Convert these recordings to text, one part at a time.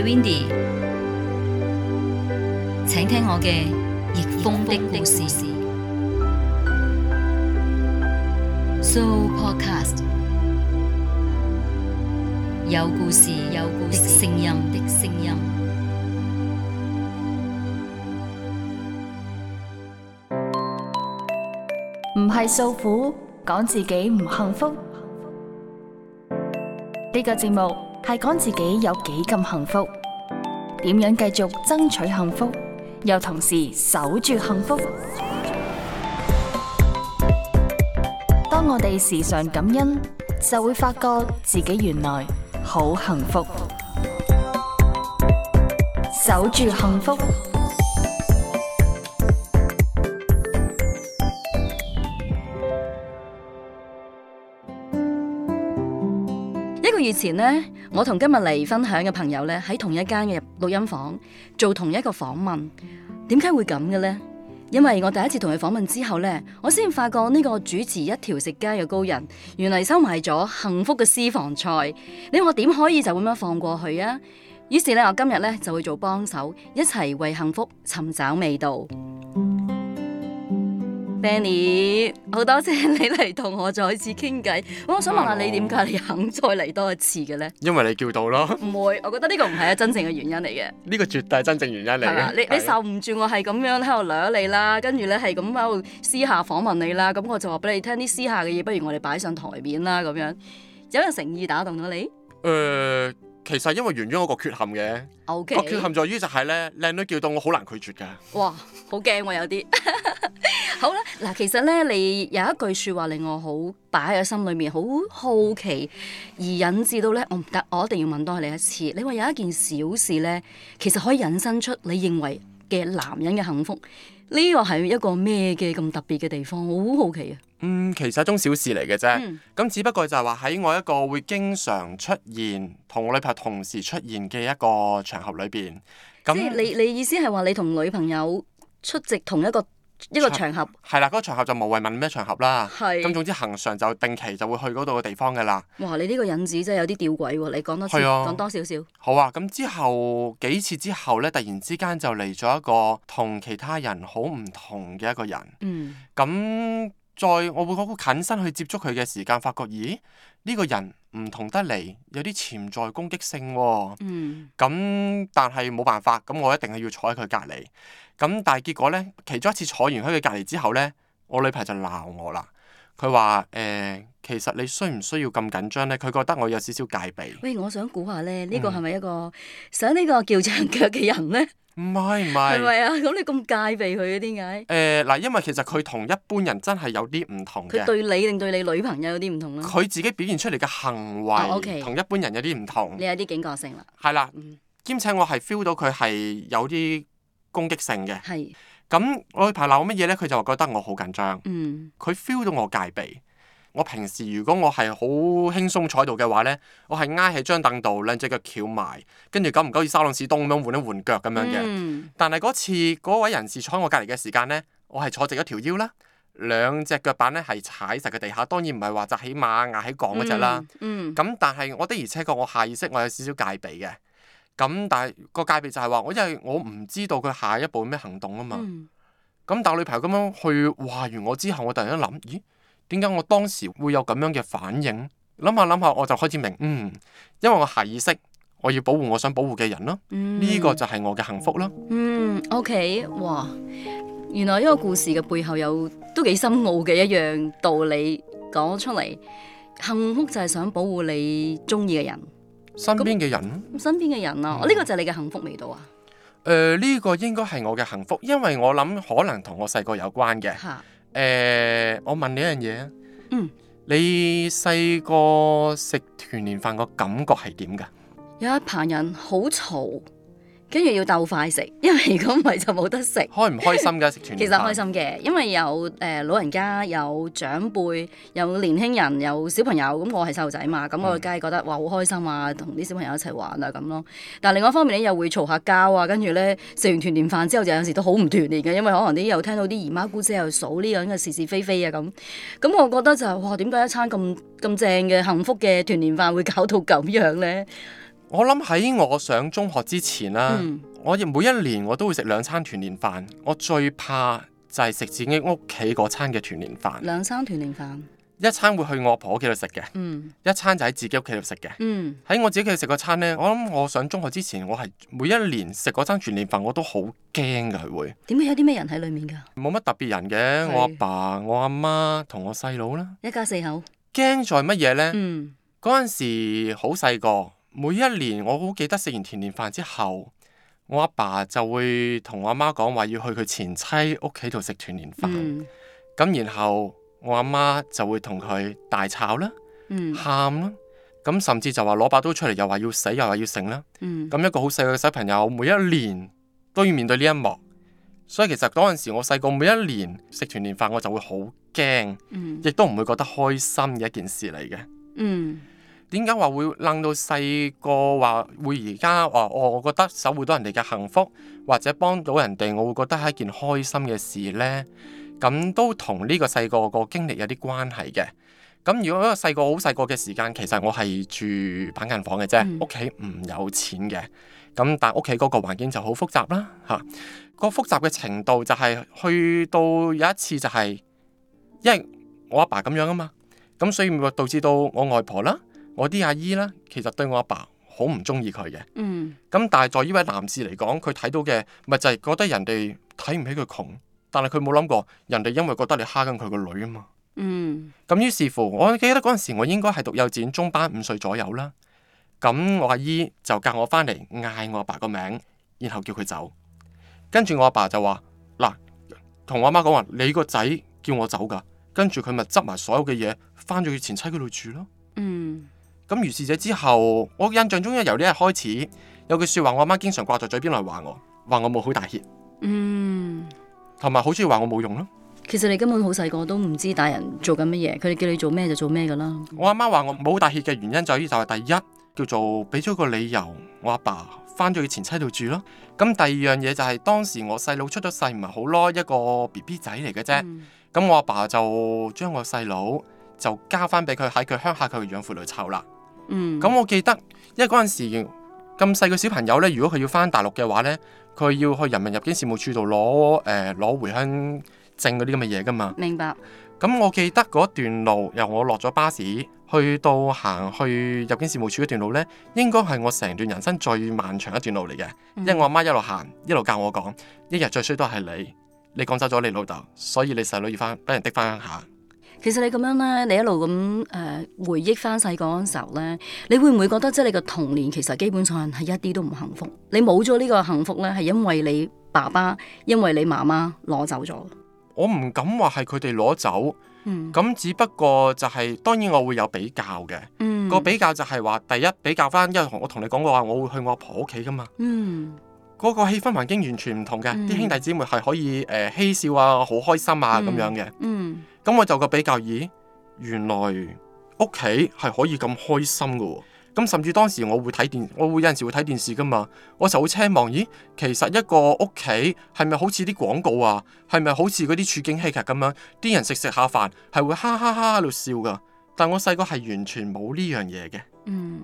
係 Windy，請聽我嘅逆風的故事。So podcast 有故事，有故事，有聲音的聲音。唔係訴苦，講自己唔幸福。呢個節目，係講自己有幾咁幸福，點樣繼續爭取幸福，又同時守住幸福。當我哋時常感恩，就會發覺自己原來好幸福，守住幸福。一個月前呢，我同今日嚟分享嘅朋友咧，喺同一間嘅錄音房做同一個訪問，點解會咁嘅呢？因為我第一次同佢訪問之後咧，我先發覺呢個主持一條食街嘅高人，原來收埋咗幸福嘅私房菜，你我點可以就咁樣放過去啊？於是咧，我今日咧就會做幫手，一齊為幸福尋找味道。Benny，好、嗯、多謝你嚟同我再次傾偈。嗯、我想問下你，點解你肯再嚟多一次嘅咧？因為你叫到咯。唔會。 我覺得呢個唔係啊真正嘅原因嚟嘅。呢個絕對係真正原因嚟嘅、啊。你、啊、你受唔住我係咁樣喺度撩你啦，跟住咧係咁喺度私下訪問你啦。咁我就話俾你聽啲私下嘅嘢，不如我哋擺上台面啦。咁樣有冇誠意打動咗你？誒、呃，其實因為原裝嗰個缺陷嘅，我 Okay 缺陷在於就係、是、咧，靚女叫到我好難拒絕㗎。哇，好驚我有啲。 好啦，嗱，其實咧，你有一句説話令我好擺喺個心裏面，好好奇而引致到咧，我唔得，我一定要問多你一次。你話有一件小事咧，其實可以引申出你認為嘅男人嘅幸福，呢個係一個咩嘅咁特別嘅地方？好好奇啊！嗯，其實一種小事嚟嘅啫。咁、嗯、只不過就係話喺我一個會經常出現同我女朋友同時出現嘅一個場合裏邊。即係你你意思係話你同女朋友出席同一個？一個場合係啦，嗰、 嗰個場合就無謂問咩場合啦。咁是總之恆常就定期就會去嗰度嘅地方嘅啦。哇！你呢個引子真係有啲吊詭喎、哦，你講多次講多少少。啊點點好啊，咁之後幾次之後咧，突然之間就嚟咗一個同其他人好唔同嘅一個人。嗯。咁。再，我會嗰個近身去接觸佢嘅時間，發覺咦，呢、這個人唔同得嚟，有啲潛在攻擊性喎、哦。咁、嗯、但係冇辦法，咁我一定係要坐喺佢隔離。咁但係結果呢，其中一次坐完喺佢隔離之後呢，我女朋友就鬧我啦。佢話誒，其實你需唔需要咁緊張咧？佢覺得我有少少戒備。喂，我想估下咧，呢、這個係咪一個想呢個叫長腳嘅人咧？唔係唔係。係咪啊？咁、嗯、你咁戒備佢嘅，點解？誒嗱、呃，因為其實佢同一般人真係有啲唔同嘅。佢對你定對你女朋友有啲唔同咯？佢自己表現出嚟嘅行為同一般人有啲唔同。啊 okay. 你有啲警覺性啦。係啦了，兼、嗯、且我係 feel 到佢係有啲攻擊性嘅。係。咁我去排鬧乜嘢咧？佢就覺得我好緊張，佢 feel、嗯、到我戒備。我平時如果我係好輕鬆坐喺度嘅話咧，我係挨喺張凳度，兩隻腳翹埋，跟住久唔久好似莎朗史東咁樣換一換腳咁樣嘅。嗯、但係嗰次嗰位人士坐喺我隔離嘅時間咧，我係坐直咗條腰啦，兩隻腳板咧係踩實嘅地下，當然唔係話紮起馬壓喺槓嗰隻啦。咁、嗯嗯、但係我的而且確，我下意識我有少少戒備嘅。咁但係、個界別就係話，我因為我唔知道佢下一步咩行動啊嘛。咁、嗯、但女朋友咁樣去話完我之後，我突然間諗，咦？點解我當時會有咁樣嘅反應？諗下諗下，我就開始明，嗯，因為我下意識我要保護我想保護嘅人咯。呢、嗯、個就係我嘅幸福咯。嗯，OK，哇！原來一個故事嘅背後有都幾深奧嘅一樣道，道理講出嚟。幸福就係想保護你中意嘅人。身邊嘅人，身邊嘅人啊，呢、嗯、個就係你嘅幸福味道啊！誒、呃，呢、這個應該係我嘅幸福，因為我諗可能同我細個有關嘅。吓是，誒、呃，我問你一樣嘢啊，嗯，你細個食團年飯個感覺係點㗎？有一排人好嘈。跟住要鬥快食，因為如果唔係就冇得食。開唔開心㗎？食團年飯 其實開心嘅，因為有誒、呃、老人家、有長輩、有年輕人、有小朋友。咁我係細路仔嘛，咁我梗係覺得、嗯、哇好開心啊，同啲小朋友一齊玩啊咁咯。但係另外一方面咧，又會嘈下交啊。跟住咧，食完團年飯之後，就有時都好唔團年嘅，因為可能啲又聽到啲姨媽姑姐又數呢樣嘅是是非非啊咁。咁我覺得就係、是、哇，點解一餐咁咁正嘅幸福嘅團年飯會搞到咁樣咧？我諗喺我上中學之前啦，我亦每一年我都會食兩餐團年飯。我最怕就係食自己屋企嗰餐嘅團年飯。兩餐團年飯，一餐會去我婆屋企度食嘅，一餐就喺自己屋企度食嘅。喺我自己屋企度食嗰餐呢，我諗我上中學之前，嗯、我係每一年食嗰餐團年飯，我都好驚噶佢會點解有啲咩人喺裏面噶？冇乜特別人嘅是，我阿爸、我阿媽同我細佬啦，一家四口。驚在乜嘢呢？嗰陣、嗯、時好細個。會每一年我好記得食完團年飯之後，我阿爸，爸就會同我阿媽講話要去佢前妻屋企度食團年飯，咁、嗯、然後我阿媽就會同佢大吵啦，喊、嗯、啦，咁甚至就話攞把刀出嚟，又話要死，又話要成啦，咁、嗯、一個好細個嘅小朋友每一年都要面對呢一幕，所以其實嗰陣時我細個每一年食團年飯我就會好驚，嗯、亦都唔會覺得開心嘅一件事嚟嘅。嗯點解話會愣到細個話會而家話我我覺得守護到人哋嘅幸福，或者幫到人哋，我會覺得係一件開心嘅事呢。咁都同呢個細個個經歷有啲關係嘅。咁如果一個細個好細個嘅時間，其實我係住板間房嘅啫，屋企唔有錢嘅。咁但屋企嗰個環境就好複雜啦。嚇、啊那個複雜嘅程度就係、係、去到有一次就係、係、因為我阿爸咁樣啊嘛，咁所以導致到我外婆啦。我啲阿姨咧，其實對我阿爸好唔中意佢嘅。嗯。咁但係在呢位男士嚟講，佢睇到嘅咪就係、是、覺得人哋睇唔起佢窮，但係佢冇諗過人哋因為覺得你蝦緊佢個女啊嘛。嗯。咁於是乎，我記得嗰陣時，我應該係讀幼稚園中班，五歲左右啦。咁我阿姨就教我翻嚟嗌我阿爸個名，然後叫佢走。跟住我阿爸，爸就話：嗱，同我阿媽講話，你個仔叫我走㗎。跟住佢咪執埋所有嘅嘢，翻咗佢前妻嗰度住咯。嗯。咁如是者之後，我印象中約由呢日開始，有句説話我阿媽經常掛在嘴邊嚟話我，話我冇好大氣，嗯，同埋好中意話我冇用咯。其實你根本好細個都唔知大人做緊乜嘢，佢哋叫你做咩就做咩噶啦。我阿媽話我冇大氣嘅原因就係就係，第一叫做俾咗個理由，我阿爸翻咗去前妻度住咯。咁第二樣嘢就係、是、當時我細佬出咗世唔係好咯，一個 BB 仔嚟嘅啫。咁、嗯、我阿爸,爸就將我細佬就交翻俾佢喺佢鄉下佢嘅養父度湊啦。嗯，咁我記得，因為嗰陣時咁細個小朋友咧，如果佢要翻大陸嘅話呢，佢要去人民入境事務處度攞誒，攞回鄉證嗰啲咁嘅嘢噶嘛。明白。咁我記得嗰段路由我落咗巴士去到行去入境事務處段路呢，應該係我成段人生最漫長一段路嚟嘅，嗯、因為我阿媽，媽一路行一路教我講，一日最衰都係你，你趕走咗你老豆，所以你細佬要翻俾人的翻鄉下。其實你咁樣咧，你一路咁誒、呃、回憶翻細個嗰陣時候咧，你會唔會覺得即係你個童年其實基本上係一啲都唔幸福？你冇咗呢個幸福咧，係因為你爸爸，因為你媽媽攞走咗。我唔敢話係佢哋攞走，嗯，咁只不過就係、是、當然我會有比較嘅，嗯，個比較就係話第一比較翻，因為我同你講過話，我會去我阿婆屋企噶嘛，嗰、嗯、個氣氛環境完全唔同嘅，啲、嗯、兄弟姊妹係可以誒嬉、呃、笑啊，好開心啊咁樣嘅，嗯。咁我就個比較咦，原來屋企係可以咁開心噶喎，咁甚至當時我會睇電，我會有陣時會睇電視噶嘛，我就會奢望咦，其實一個屋企係咪好似啲廣告啊，係咪好似嗰啲處境戲劇咁樣，啲人食食下飯係會哈哈哈喺度笑噶，但我細個係完全冇呢樣嘢嘅，嗯，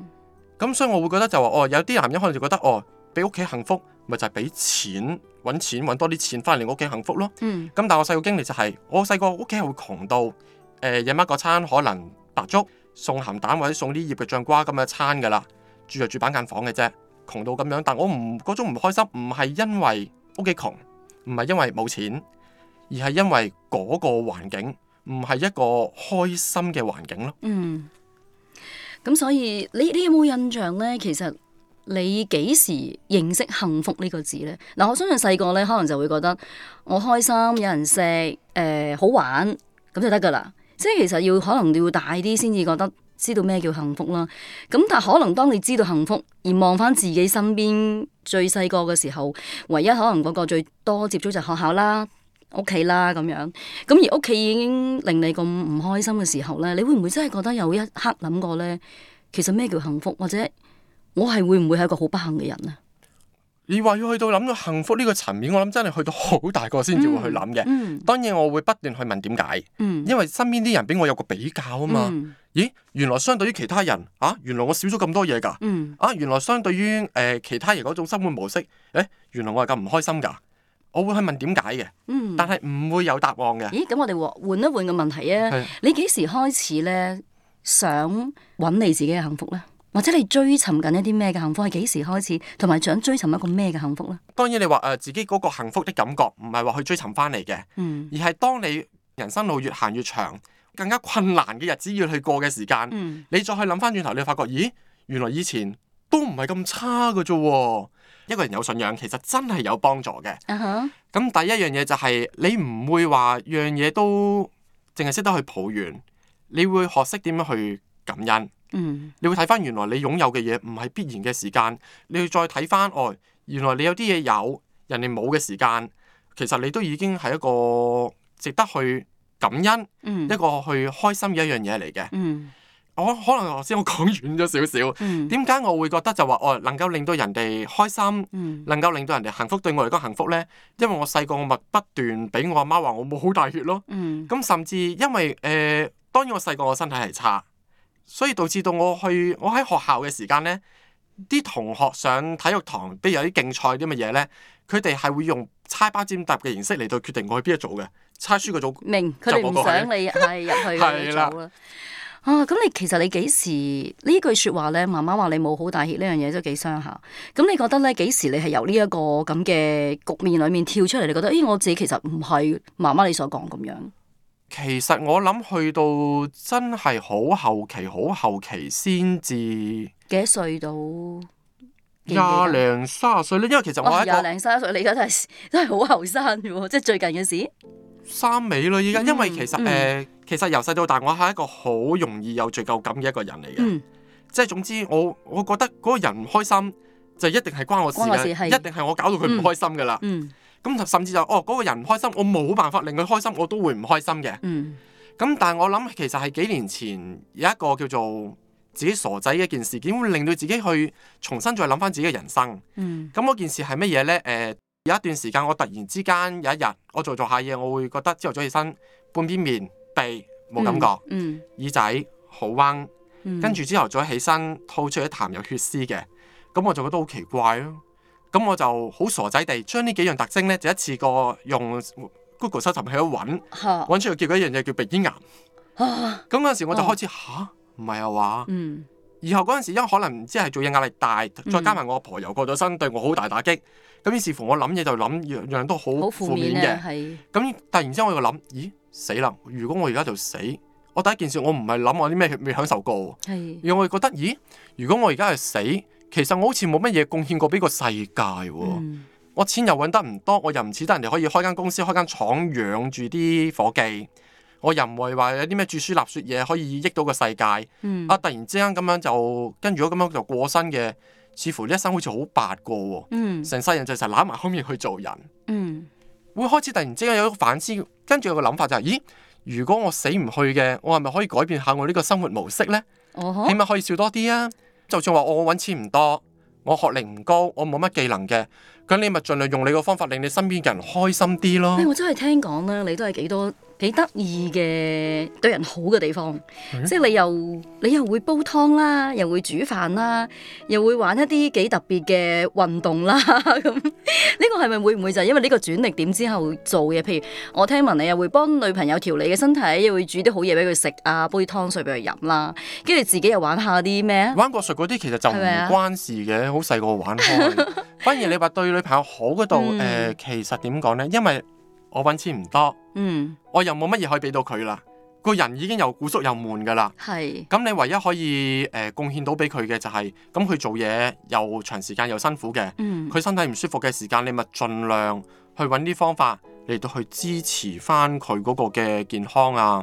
咁所以我會覺得就話哦，有啲男人可能就覺得哦。俾屋企幸福，咪就係俾錢揾錢揾多啲錢，翻嚟屋企幸福咯。咁、嗯、但係我細個經歷就係、是，我細個屋企係會窮到、呃，夜晚個餐可能白粥送咸蛋或者送啲醃嘅醬瓜咁嘅餐噶啦，住就住板間房嘅啫，窮到咁樣。但我唔嗰種唔開心，唔係因為屋企窮，唔係因為冇錢，而係因為嗰個環境唔係一個開心嘅環境咯。嗯，咁所以你你有冇印象呢？其實。你幾時認識幸福呢個字呢？嗱，我相信細個咧，可能就會覺得我開心，有人食，誒、呃、好玩，咁就得噶啦。即係其實要可能要大啲先至覺得知道咩叫幸福啦。咁但係可能當你知道幸福而望翻自己身邊最細個嘅時候，唯一可能嗰個最多接觸就係學校啦、屋企啦咁樣。咁而屋企已經令你咁唔開心嘅時候咧，你會唔會真係覺得有一刻諗過呢？其實咩叫幸福？或者？我係會唔會係一個好不幸嘅人咧？你話要去到諗到幸福呢個層面，我諗真係去到好大個先至會去諗嘅。嗯嗯、當然我會不斷去問點解，嗯、因為身邊啲人俾我有個比較啊嘛。嗯、咦，原來相對於其他人啊，原來我少咗咁多嘢噶。嗯、啊，原來相對於誒、呃、其他人嗰種生活模式，誒，原來我係咁唔開心噶。我會去問點解嘅，嗯、但係唔會有答案嘅。咦，咁我哋換一換個問題啊！的你幾時開始呢？想揾你自己嘅幸福呢？或者你追尋緊一啲咩嘅幸福？係幾時開始？同埋想追尋一個咩嘅幸福呢？當然你話誒、呃、自己嗰個幸福的感覺，唔係話去追尋翻嚟嘅，嗯、而係當你人生路越行越長，更加困難嘅日子要去過嘅時間，嗯、你再去諗翻轉頭，你會發覺，咦，原來以前都唔係咁差嘅啫。一個人有信仰，其實真係有幫助嘅。咁、uh huh. 第一樣嘢就係、是、你唔會話樣嘢都淨係識得去抱怨，你會學識點樣去感恩。嗯、你會睇翻，原來你擁有嘅嘢唔係必然嘅時間，你會再睇翻，哦，原來你有啲嘢有，人哋冇嘅時間，其實你都已經係一個值得去感恩，嗯、一個去開心嘅一樣嘢嚟嘅。嗯、我可能頭先我講遠咗少少。嗯，點解我會覺得就話，哦，能夠令到人哋開心，嗯、能夠令到人哋幸福，對我嚟講幸福呢？因為我細個我咪不斷俾我阿媽話我冇好大血咯。嗯，咁甚至因為誒、呃，當然我細個我身體係差。所以導致到我去我喺學校嘅時間呢，啲同學上體育堂，比如有啲競賽啲乜嘢呢？佢哋係會用猜包剪揼嘅形式嚟到決定我去邊一組嘅，猜輸嗰組，明佢唔想你係入去嘅組啦。 是的 啊，咁你其實你幾時呢句説話呢？媽媽話你冇好大氣呢樣嘢都幾傷下。咁你覺得呢幾時你係由呢一個咁嘅局面裡面跳出嚟？你覺得咦、哎，我自己其實唔係媽媽你所講咁樣。其實我諗去到真係好後期，好後期先至幾多歲到？廿零三十歲咧，因為其實我廿零卅歲，你而家都係都係好後生喎，即係最近嘅事。三尾啦，依家，因為其實誒、呃，其實由細到大，我係一個好容易有罪疚感嘅一個人嚟嘅。即係總之我，我我覺得嗰個人唔開心，就一定係關我事一定係我搞到佢唔開心㗎啦。嗯嗯咁甚至就是、哦，嗰、那個人唔開心，我冇辦法令佢開心，我都會唔開心嘅。咁、嗯、但係我諗，其實係幾年前有一個叫做自己傻仔嘅一件事，件，會令到自己去重新再諗翻自己嘅人生？咁嗰、嗯嗯嗯、件事係乜嘢呢？誒、呃、有一段時間，我突然之間有一日，我做做下嘢，我會覺得朝後早起身，半邊面、鼻冇感覺，嗯嗯、耳仔好彎，嗯、跟住之後再起身吐出一痰有血絲嘅，咁我就覺得好奇怪咯。咁我就好傻仔地將呢幾樣特徵呢，就一次過用 Google 搜尋器去揾，揾、啊、出嚟，結果一樣嘢叫鼻咽癌。咁嗰陣時我就開始吓，唔係啊嘛。然、嗯、後嗰陣時，因為可能唔知係做嘢壓力大，再加埋我阿婆又過咗身，對我好大打擊。咁於、嗯、是乎我，我諗嘢就諗樣樣，樣都好負面嘅。咁、啊、突然之間我又諗，咦死啦！如果我而家就死，我第一件事我唔係諗我啲咩未享受過，因為是我覺得咦，如果我而家係死。其實我好似冇乜嘢貢獻過俾個世界喎、啊，嗯、我錢又揾得唔多，我又唔似得人哋可以開間公司、開間廠養住啲夥計，我又唔係話有啲咩著書立説嘢可以益到個世界，嗯、啊！突然之間咁樣就跟住咁樣就過身嘅，似乎呢一生好似好白過、啊，成、嗯、世人就成日揦埋口面去做人，嗯、會開始突然之間有一個反思，跟住有個諗法就係、是：咦，如果我死唔去嘅，我係咪可以改變下我呢個生活模式呢？起碼可以笑多啲啊！就算話我搵錢唔多，我學歷唔高，我冇乜技能嘅，咁你咪盡量用你個方法令你身邊嘅人開心啲咯。哎，我真係聽講啦，你都係幾多。幾得意嘅對人好嘅地方，嗯、即係你又你又會煲湯啦，又會煮飯啦，又會玩一啲幾特別嘅運動啦。咁 呢個係咪會唔會就係因為呢個轉捩點之後做嘢？譬如我聽聞你又會幫女朋友調理嘅身體，又會煮啲好嘢俾佢食啊，煲啲湯水俾佢飲啦，跟住自己又玩下啲咩？玩國術嗰啲其實就唔關事嘅，好細個玩開。 反而你話對女朋友好嗰度，誒、嗯呃，其實點講咧？因為我揾錢唔多，嗯、我又冇乜嘢可以俾到佢啦，個人已經又古縮又悶噶啦，係，咁你唯一可以誒、呃、貢獻到俾佢嘅就係、是，咁佢做嘢又長時間又辛苦嘅，佢、嗯、身體唔舒服嘅時間，你咪盡量去揾啲方法嚟到去支持翻佢嗰個嘅健康啊，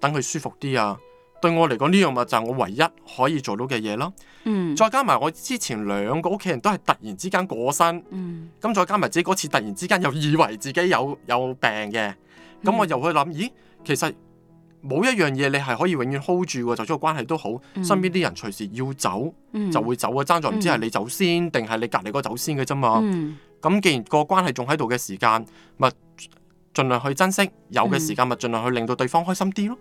等佢、嗯、舒服啲啊。對我嚟講呢樣咪就係我唯一可以做到嘅嘢咯。嗯、再加埋我之前兩個屋企人都係突然之間過身，咁、嗯、再加埋自己嗰次突然之間又以為自己有有病嘅，咁、嗯、我又去諗，咦，其實冇一樣嘢你係可以永遠 hold 住嘅，就咁個關係都好，嗯、身邊啲人隨時要走，嗯、就會走啊，爭在唔知係你走先，嗯、你先定係你隔籬嗰個走先嘅啫嘛。咁、嗯嗯、既然個關係仲喺度嘅時間，咪盡量去珍惜，有嘅時間咪盡量去令到對方開心啲咯。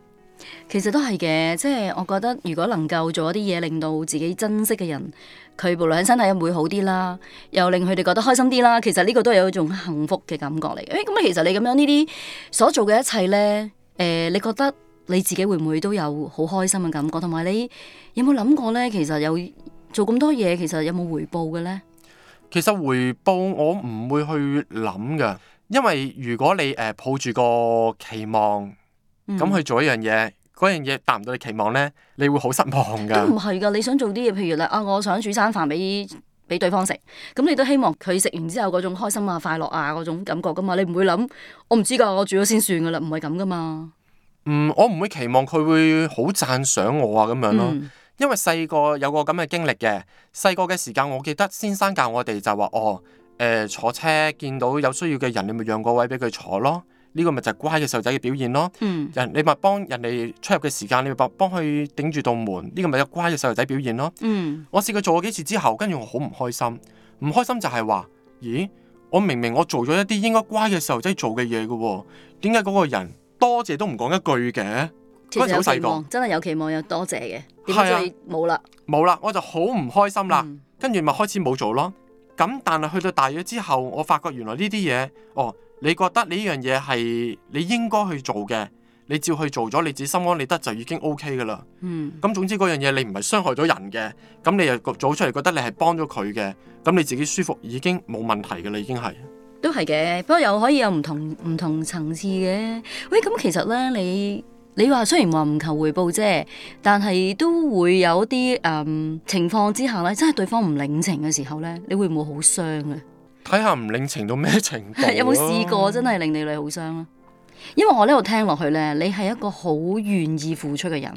其實都係嘅，即係我覺得如果能夠做一啲嘢，令到自己珍惜嘅人，佢無論身體會好啲啦，又令佢哋覺得開心啲啦，其實呢個都係有一種幸福嘅感覺嚟嘅。哎，咁其實你咁樣呢啲所做嘅一切呢，誒、呃，你覺得你自己會唔會都有好開心嘅感覺？同埋你有冇諗過呢？其實有做咁多嘢，其實有冇回報嘅呢？其實回報我唔會去諗噶，因為如果你誒抱住個期望。咁去、嗯、做一樣嘢，嗰樣嘢達唔到你期望呢，你會好失望㗎。都唔係㗎，你想做啲嘢，譬如咧啊，我想煮餐飯俾俾對方食，咁你都希望佢食完之後嗰種開心啊、快樂啊嗰種感覺㗎嘛，你唔會諗我唔知㗎，我煮咗先算㗎啦，唔係咁㗎嘛。嗯，我唔會期望佢會好讚賞我啊咁樣咯，嗯、因為細個有個咁嘅經歷嘅。細個嘅時間，我記得先生教我哋就係話，哦誒、呃，坐車見到有需要嘅人，你咪讓個位俾佢坐咯。呢個咪就係乖嘅細路仔嘅表現咯，嗯、你人你咪幫人哋出入嘅時間，你咪幫佢頂住道門，呢、呢個咪有乖嘅細路仔表現咯。嗯、我試過做過幾次之後，跟住我好唔開心，唔開心就係話，咦，我明明我做咗一啲應該乖嘅細路仔做嘅嘢嘅，點解嗰個人多謝都唔講一句嘅？真係有，有期望，真係有期望有多謝嘅，點解最冇啦？冇啦、啊，我就好唔開心啦，嗯、跟住咪開始冇做咯。咁但係去到大咗之後，我發覺原來呢啲嘢，哦。哦你覺得呢樣嘢係你應該去做嘅，你照去做咗，你自己心安理得就已經 OK 㗎喇。嗯，咁總之嗰樣嘢你唔係傷害咗人嘅，咁你又做出嚟覺得你係幫咗佢嘅，咁你自己舒服已經冇問題㗎喇，已經係。都係嘅，不過又可以有唔同唔同層次嘅。喂，咁其實呢，你你話雖然話唔求回報啫，但係都會有啲誒、呃、情況之下呢真係對方唔領情嘅時候呢，你會唔會好傷啊？睇下唔領情到咩程度，啊、 有冇試過真係令你你好傷咧？因為我呢度聽落去咧，你係一個好願意付出嘅人，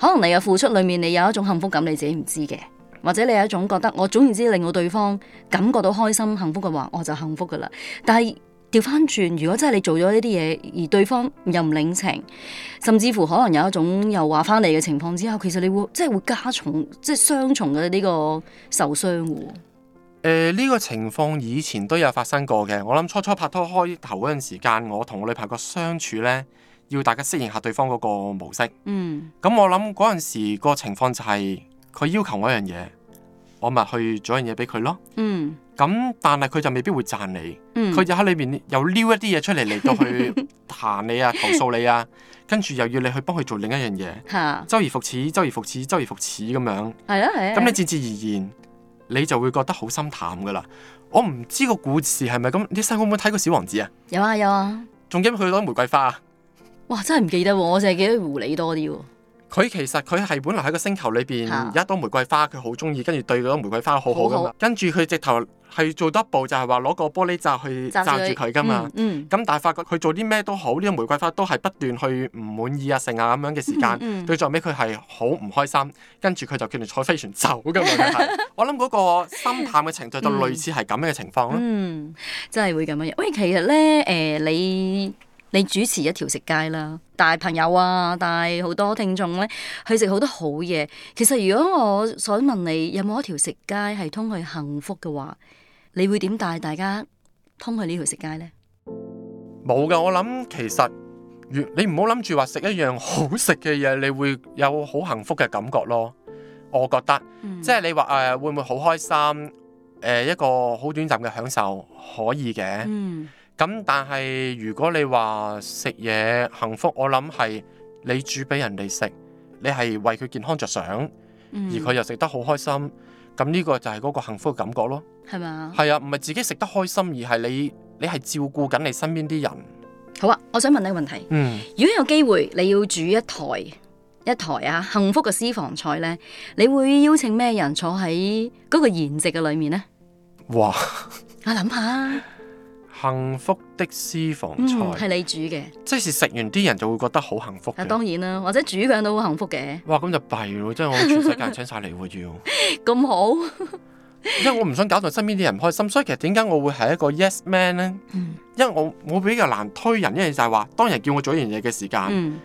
可能你嘅付出裏面你有一種幸福感，你自己唔知嘅，或者你有一種覺得我總言之令到對方感覺到開心、幸福嘅話，我就幸福噶啦。但係調翻轉，如果真係你做咗呢啲嘢，而對方又唔領情，甚至乎可能有一種又話翻你嘅情況之後，其實你會即係、就是、會加重，即係雙重嘅呢個受傷誒，呢個情況以前都有發生過嘅。我諗初初拍拖開頭嗰陣時間，我同我女朋友相處呢，要大家適應下對方嗰個模式。嗯。咁我諗嗰陣時個情況就係，佢要求我一樣嘢，我咪去做一樣嘢俾佢咯。嗯。咁但係佢就未必會讚你。佢就喺裏面又撩一啲嘢出嚟嚟到去彈你啊，投訴你啊，跟住又要你去幫佢做另一樣嘢。周而復始，周而復始，周而復始咁樣。係。咁你自然而然。你就會覺得好心淡噶啦！我唔知個故事係咪咁。你細個會唔會睇過《小王子》啊？有啊有啊。仲記唔記得佢攞玫瑰花啊？哇！真係唔記得喎、啊，我淨係記得狐狸多啲喎、啊。佢其實佢係本來喺個星球裏邊有一朵玫瑰花，佢好中意，跟住對嗰玫瑰花好，好好噶嘛。跟住佢直頭係做多步，就係話攞個玻璃罩去罩住佢噶嘛。咁、嗯嗯、但係發覺佢做啲咩都好，呢、呢個玫瑰花都係不斷去唔滿意啊、盛啊咁樣嘅時間。對、嗯，嗯、最尾佢係好唔開心，跟住佢就決定坐飛船走噶嘛。 我諗嗰個心淡嘅程度就類似係咁樣嘅情況咯、嗯嗯。嗯，真係會咁樣。喂，其實咧，誒、呃、你。你主持一條食街啦，帶朋友啊，帶好多聽眾咧去食好多好嘢。其實如果我想問你，有冇一條食街係通去幸福嘅話，你會點帶大家通去呢條食街呢？冇㗎，我諗其實，你唔好諗住話食一樣好食嘅嘢，你會有好幸福嘅感覺咯。我覺得，即係你話誒會唔會好開心？誒一個好短暫嘅享受可以嘅。嗯咁但係如果你話食嘢幸福，我諗係你煮俾人哋食，你係為佢健康着想，嗯、而佢又食得好開心，咁呢個就係嗰個幸福嘅感覺咯。係咪吧啊？係啊，唔係自己食得開心，而係你你係照顧緊你身邊啲人。好啊，我想問你個問題。嗯，如果有機會你要煮一台一台啊幸福嘅私房菜呢，你會邀請咩人坐喺嗰個筵席嘅裏面呢？哇嘩！我諗下。幸福的私房菜，係、嗯、你煮嘅，即係食完啲人就會覺得好幸福。啊，當然啦，或者煮嘅人都好幸福嘅。哇，咁就弊咯，即係全世界請晒你我要。咁 麼好， 因為我唔想搞到身邊啲人唔開心，所以其實點解我會係一個 yes man 咧？嗯、因為我我比較難推人，因為就係話，當人叫我做一樣嘢嘅時間，嗯、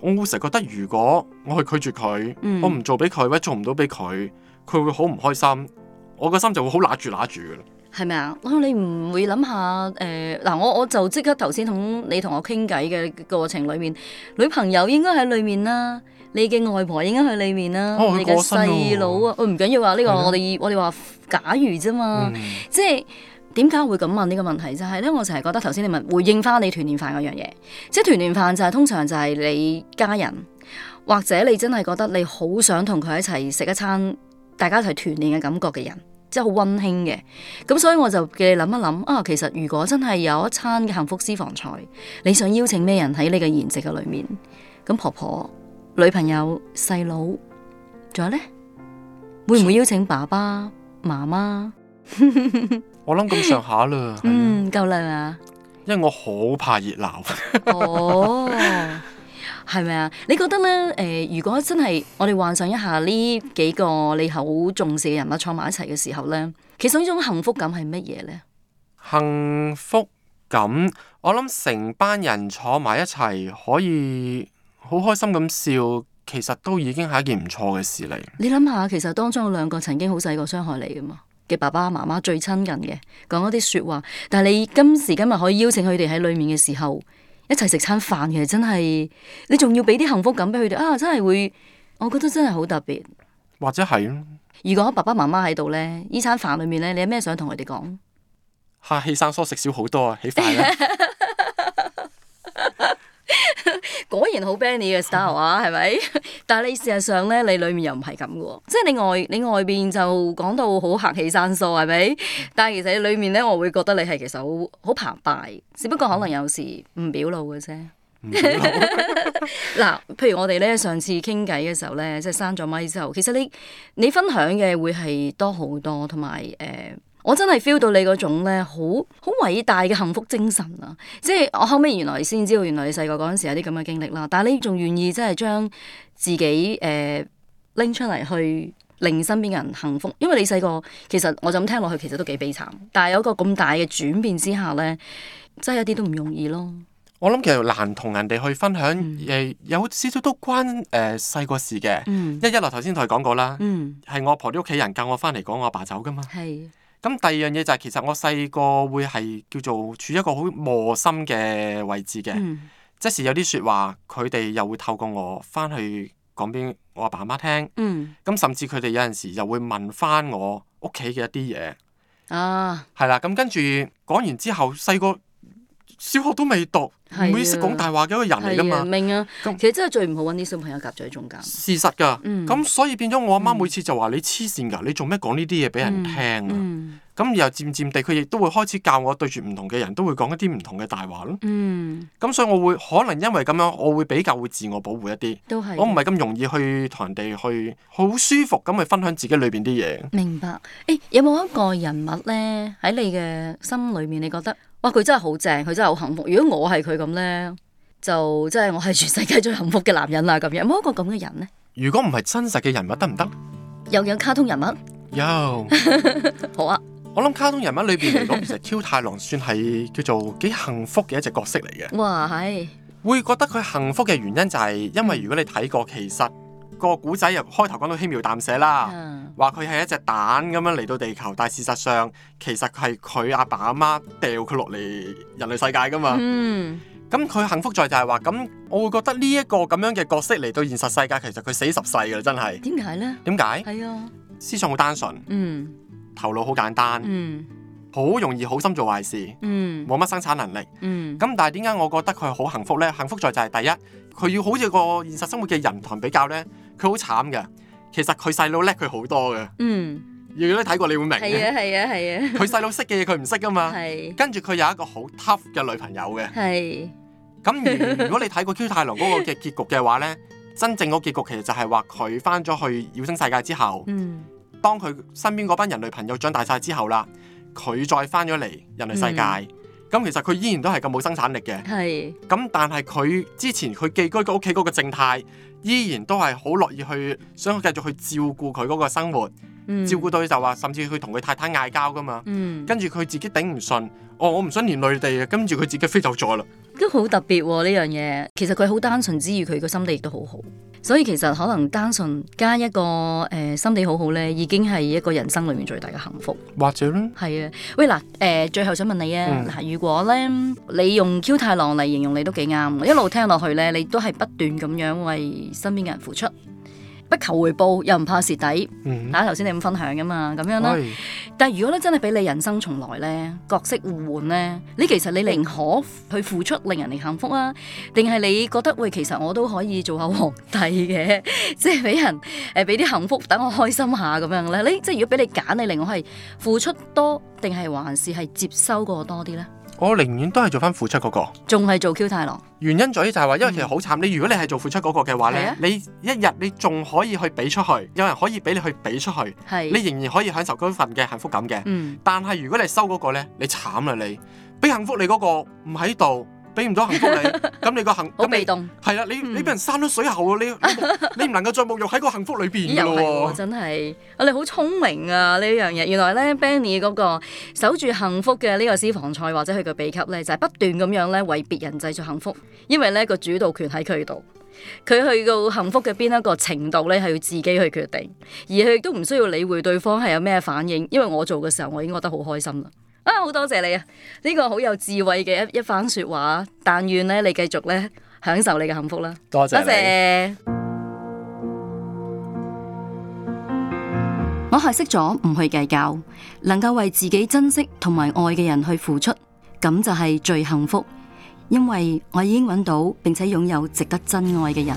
我會成日覺得如果我去拒絕佢，嗯、我唔做俾佢，或者做唔到俾佢，佢會好唔開心，我個心就會好揦住揦住噶啦。係咪啊？我你唔會諗下誒嗱，我就跟跟我就即刻頭先同你同我傾偈嘅過程裏面，女朋友應該喺裏面啦，你嘅外婆應該喺裏面啦，哦、你嘅細佬啊，唔緊、哦、要啊，呢、這個我，的我哋我哋話假如啫嘛，嗯、即係點解會咁問呢個問題就係、是、咧？我成日覺得頭先你問回應翻你團年飯嗰樣嘢，即係團年飯就係、是、通常就係你家人或者你真係覺得你好想同佢一齊食一餐，大家一齊團年嘅感覺嘅人。即係好溫馨嘅，咁所以我就叫你諗一諗啊，其實如果真係有一餐嘅幸福私房菜，你想邀請咩人喺你個筵席嘅裏面？咁婆婆、女朋友、細佬，仲有呢？會唔會邀請爸爸媽媽？ 我諗咁上下啦， 嗯，夠啦嘛，因為我好怕熱鬧。 哦。係咪啊？你覺得咧？誒、呃，如果真係我哋幻想一下呢幾個你好重視嘅人物坐埋一齊嘅時候咧，其實呢種幸福感係乜嘢咧？幸福感，我諗成班人坐埋一齊，可以好開心咁笑，其實都已經係一件唔錯嘅事嚟。你諗下，其實當中有兩個曾經好細個傷害你㗎嘛嘅爸爸媽媽最親近嘅，講一啲説話，但係你今時今日可以邀請佢哋喺裏面嘅時候。一齊食餐飯，其實真係，你仲要俾啲幸福感俾佢哋啊！真係會，我覺得真係好特別。或者係如果爸爸媽媽喺度呢，呢餐飯裏面呢，你有咩想同佢哋講？客氣生疏，食少好多啊，起飯啦。 果然好 Benny 嘅 style 啊，係咪？ 但係你事實上咧，你裏面又唔係咁嘅喎，即係你外你外邊就講到好客氣生疏，係咪？ 但係其實裏面咧，我會覺得你係其實好好澎湃，只不過可能有時唔表露嘅啫。嗱，譬如我哋咧上次傾偈嘅時候咧，即係閂咗咪之後，其實你你分享嘅會係多好多，同埋誒，呃我真係 feel 到你嗰種咧，好好偉大嘅幸福精神啊！即係我後尾原來先知道，原來你細個嗰陣時有啲咁嘅經歷啦。但係你仲願意即係將自己誒拎、呃、出嚟去令身邊嘅人幸福，因為你細個其實我就咁聽落去其實都幾悲慘。但係有一個咁大嘅轉變之下咧，真係一啲都唔容易咯。我諗其實難同人哋去分享誒、嗯呃，有少少都關誒、呃、細個事嘅，一一嚟頭先同你講過啦，係、嗯、我阿婆啲屋企人救我翻嚟，講我阿爸，爸走噶嘛。咁第二樣嘢就係、是、其實我細個會係叫做處一個好磨心嘅位置嘅，嗯、即是有啲説話佢哋又會透過我翻去講俾我阿爸阿媽聽，咁、嗯、甚至佢哋有陣時又會問翻我屋企嘅一啲嘢，係啦、啊，咁跟住講完之後細個。小學都未讀，唔會識講大話嘅一個人嚟㗎嘛。明啊，啊那其實真係最唔好揾啲小朋友夾在中間。事實㗎，咁、嗯、所以變咗我阿媽每次就話你黐線㗎，你做咩講呢啲嘢俾人聽啊？咁然後、嗯嗯、漸漸地，佢亦都會開始教我對住唔同嘅人都會講一啲唔同嘅大話咯。咁、嗯、所以我會可能因為咁樣，我會比較會自我保護一啲。都係。我唔係咁容易去同人哋去好舒服咁去分享自己裏邊啲嘢。明白。誒、欸，有冇一個人物咧喺你嘅心裏面，你覺得？哇！佢真係好正，佢真係好幸福。如果我係佢咁呢，就真係我係全世界最幸福嘅男人啦！咁樣有冇一個咁嘅人呢？如果唔係真實嘅人物得唔得？又有，有卡通人物有， 好啊！我諗卡通人物裏邊嚟講， 其實 Q 太郎算係叫做幾幸福嘅一隻角色嚟嘅。哇！係會覺得佢幸福嘅原因就係、是、因為如果你睇過，其實。個古仔又開頭講到輕描淡寫啦，話佢係一隻蛋咁樣嚟到地球，但係事實上其實係佢阿爸阿媽掉佢落嚟人類世界噶嘛。咁佢、嗯、幸福在就係話，咁我會覺得呢一個咁樣嘅角色嚟到現實世界，其實佢死十世噶，真係。點解呢？點解？係啊，思想好單純，嗯，頭腦好簡單，嗯。好容易好心做壞事，嗯，冇乜生產能力，嗯，咁但係點解我覺得佢好幸福呢？幸福在就係第一，佢要好似個現實生活嘅人羣比較呢，佢好慘嘅。其實佢細佬叻佢好多嘅，嗯，如果你睇過，你會明嘅。係啊，係啊，係啊。佢細佬識嘅嘢，佢唔識噶嘛。是跟住佢有一個好 tough 嘅女朋友嘅。係是。咁如果你睇過 Q 太郎嗰個嘅結局嘅話呢，真正個結局其實就係話佢返咗去妖精世界之後，嗯，當佢身邊嗰班人類朋友長大晒之後啦。佢再返咗嚟人類世界，咁、嗯、其實佢依然都係咁冇生產力嘅。係是，咁但係佢之前佢寄居喺屋企嗰個正太，依然都係好樂意去，想繼續去照顧佢嗰個生活，嗯、照顧到佢就話甚至去同佢太太嗌交㗎嘛。嗯、跟住佢自己頂唔順。哦，我唔想連累地啊。跟住佢自己飛走咗啦。都好特別喎呢樣嘢，其實佢好單純之餘，佢個心地亦都好好。所以其實可能單純加一個誒、呃、心地好好咧，已經係一個人生裏面最大嘅幸福。或者咧，係啊，喂嗱誒、呃，最後想問你啊，嗱、嗯、如果咧你用 Q 太郎嚟形容你都幾啱，一路聽落去咧，你都係不斷咁樣為身邊嘅人付出。不求回報，又唔怕蝕底。打頭先你咁分享噶嘛，咁樣囉。喂但係如果咧真係俾你人生重來咧，角色互換咧，你其實你寧可去付出，令人哋幸福啊？定係你覺得喂，其實我都可以做下皇帝嘅， 即係俾人誒俾啲幸福，等我開心下咁樣咧？你即係如果俾你揀，你寧可係付出多，定係還是係接收過多啲咧？我寧願都係做翻付出嗰個，仲係做 Q 太郎。原因在於就係話，因為其實好慘。嗯、你如果你係做付出嗰個嘅話咧，啊、你一日你仲可以去俾出去，有人可以俾你去俾出去，是你仍然可以享受嗰份嘅幸福感嘅。嗯、但係如果你收嗰個咧，你慘啦你，俾幸福你嗰個唔喺度。俾唔到幸福你，咁你個幸好被動係啊，你你俾人閂咗水喉啊，你你唔能夠再沐浴喺個幸福裏邊噶喎，真係我哋好聰明啊呢樣嘢，原來咧 Benny 嗰個守住幸福嘅呢個私房菜或者佢嘅秘笈咧，就係、是、不斷咁樣咧為別人製造幸福，因為咧個主導權喺佢度，佢去到幸福嘅邊一個程度咧係要自己去決定，而佢亦都唔需要理會對方係有咩反應，因為我做嘅時候我已經覺得好開心啦。啊！好多謝你啊！呢個好有智慧嘅一一番說話，但願咧你繼續咧享受你嘅幸福啦。多謝，多謝。我學識咗唔去計較，能夠為自己珍惜同埋愛嘅人去付出，咁就係最幸福。因為我已經揾到並且擁有值得珍愛嘅人。